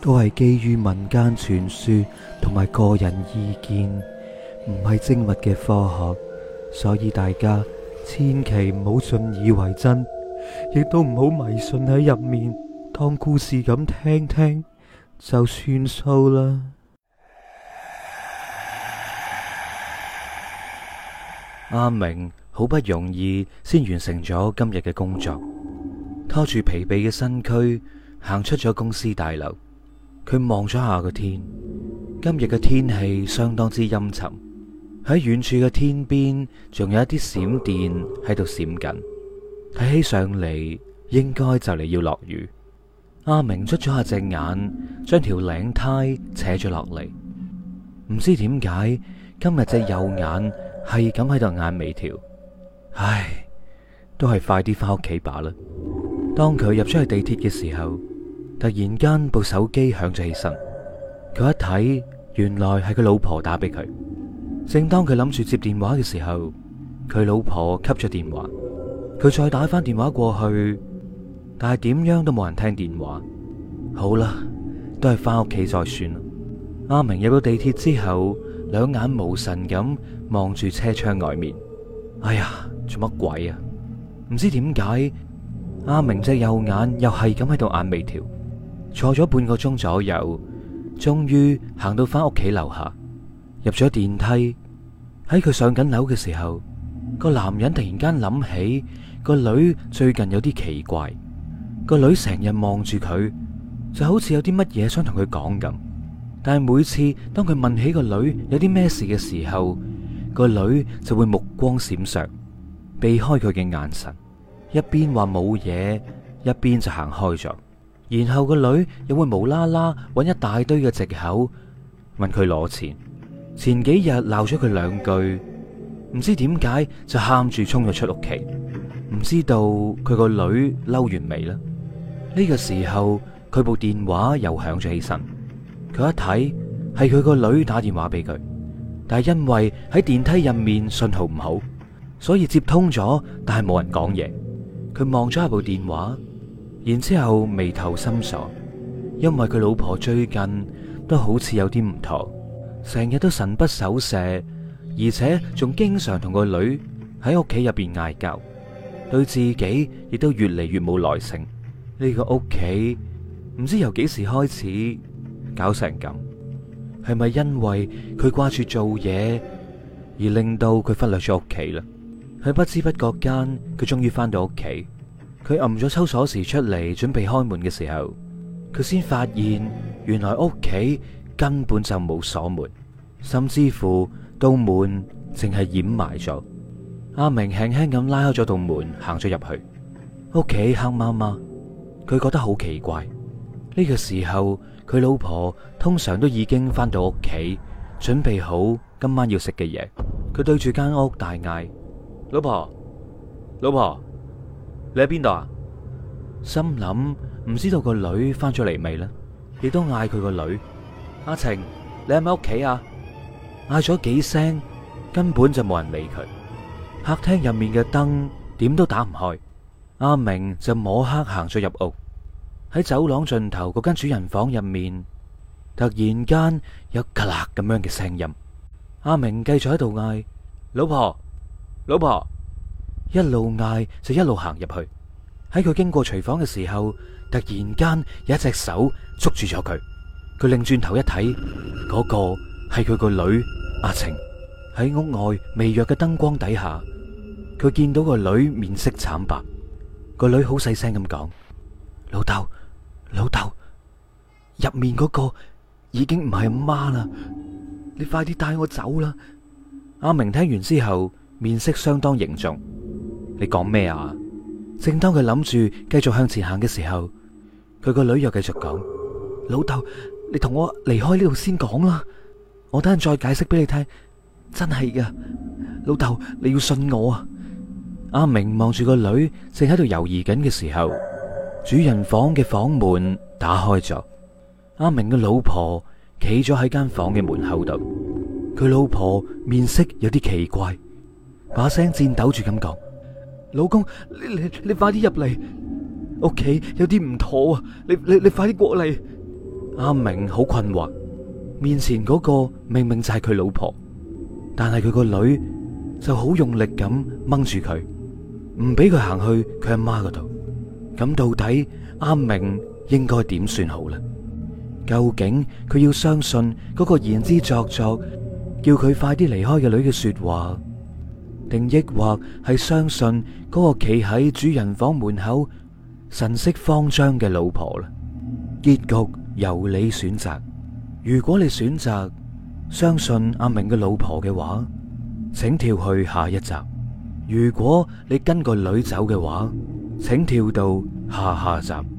都係基於民間傳說同埋個人意見，唔係精密嘅科學，所以大家千祈唔好信以為真，亦都唔好迷信，喺入面當故事咁聽聽，就算數啦。阿明好不容易先完成咗今日嘅工作，拖住疲憊嘅身軀，行出咗公司大樓。佢望咗下個天，今日嘅天氣相當之陰沉，喺遠處嘅天邊仲有一啲閃電喺度閃緊，睇起上嚟應該就嚟要落雨。阿明捽咗下隻眼，將條領呔扯咗落嚟，唔知點解今日隻右眼係咁喺度眼眉跳，唉，都係快啲翻屋企吧啦。當佢入咗去地鐵嘅時候，突然間，部手機響咗起身，佢一睇，原來係佢老婆打俾佢。正當佢諗住接電話嘅時候，佢老婆吸咗電話，佢再打翻電話過去，但係點樣都冇人聽電話。好啦，都係翻屋企再算啦。阿明入到地鐵之後，兩眼無神咁望住車窗外面。哎呀，做乜鬼啊？唔知點解，阿明隻右眼又係咁喺度眼眉跳。坐咗半個鐘左右，終於行到翻屋企樓下，入咗電梯。喺佢上緊樓嘅時候，個男人突然間諗起個女最近有啲奇怪。個女成日望住佢，就好似有啲乜嘢想同佢講咁。但係每次當佢問起個女有啲咩事嘅時候，個女就會目光閃爍，避開佢嘅眼神，一邊話冇嘢，一邊就行開咗。然後個女又會無啦啦揾一大堆嘅藉口，問佢攞錢。前幾日鬧咗佢兩句，唔知點解就喊住衝咗出屋企。唔知道佢個女嬲完未呢？呢個時候佢部電話又響咗起身，佢一睇係佢個女打電話俾佢，但係因為喺電梯入面信號唔好，所以接通咗，但係冇人講嘢。佢望咗下部電話。然之後眉頭深鎖，因為佢老婆最近都好似有啲唔妥，成日都神不守舍，而且仲經常同個女喺屋企入邊嗌交，對自己亦都越嚟越冇耐性。呢個屋企唔知由幾時開始搞成咁，係咪因為佢掛住做嘢而令到佢忽略咗屋企啦？喺不知不覺間，佢終於翻到屋企。佢暗咗抽鎖匙出嚟，準備開門嘅時候，佢先發現原來屋企根本就冇鎖門，甚至乎道門淨係掩埋咗。阿明輕輕咁拉開咗道門，行咗入去，屋企黑媽媽，佢覺得好奇怪。呢個時候，佢老婆通常都已經返到屋企，準備好今晚要食嘅嘢。佢對住間屋大嗌：老婆，老婆！你喺邊度啊？心諗唔知道個女翻咗嚟未呢？亦都嗌佢個女阿晴，你喺唔喺屋企啊？嗌咗幾聲，根本就冇人理佢。客廳入面嘅燈點都打唔開。阿明就摸黑行咗入屋，喺走廊盡頭嗰間主人房入面，突然間有咔啦咁樣嘅聲音。阿明繼續喺度嗌：老婆，老婆！一路嗌就一路行入去。喺佢經過廚房嘅時候，突然間有一隻手捉住咗佢。佢擰轉頭一睇，嗰個係佢個女阿晴。喺屋外微弱嘅燈光底下，佢見到個女面色慘白。個女好細聲咁講：老豆，老豆，入面嗰個已經唔係阿媽啦，你快啲帶我走啦！阿明聽完之後，面色相當凝重。你講咩啊？正當佢諗住繼續向前行嘅時候，佢個女又繼續講：老豆，你同我離開呢度先講啦，我等陣再解釋俾你聽，真係噶，老豆你要信我啊！阿明望住個女正喺度猶豫緊嘅時候，主人房嘅房門打開咗，阿明嘅老婆企咗喺間房嘅門口度，佢老婆面色有啲奇怪，把聲顫抖住咁講。老公，你你你快啲入嚟，屋企有啲唔妥啊！你你你快啲過嚟。阿明好困惑，面前嗰個明明就係佢老婆，但係佢個女就好用力咁掹住佢，唔俾佢行去佢阿媽嗰度。咁到底阿明應該點算好咧？究竟佢要相信嗰個言之鑿鑿，叫佢快啲離開嘅女嘅說話？定抑或係相信嗰個企喺主人房門口神色慌張嘅老婆啦？結局由你選擇。如果你選擇相信阿明嘅老婆嘅話，請跳去下一集；如果你跟個女走嘅話，請跳到下下集。